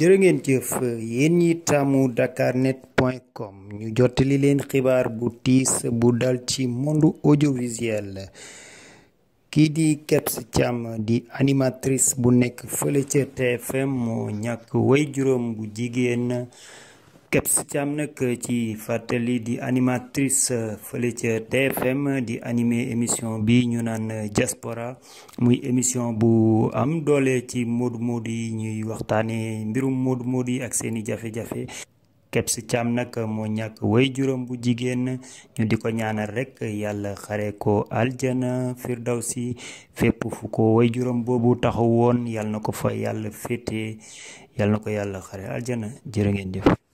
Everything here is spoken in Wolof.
jërë ngeen jëf yéen ñi tàmmu dakarnet.com ñu jottali leen xibaar bu tiis bu dal ci monde audiovisuel kii di Kebs Thiam di animatrice bu nekk fële ca TFM moo ñàkk way juróom bu jigéen Kebs Thiam nag eh, ci fàttali di animatrice eh, fële ca TFM di anime émission bi ñu naan eh, diaspora muy émission bu am doole ci moodu-moodu yi ñuy waxtaanee mbirum moodu-moodu yi ak seeni jafe-jafe. keps cam nag moo ñàkk way juróom bu jigéen ñu di ko ñaanal rek yàlla xare ko aljana firdawsi fépp fu ko way juróom boobu taxaw woon yàlla na ko fa yàlla féete yàlla na ko yàlla xare aljana jërë ngeen jëf.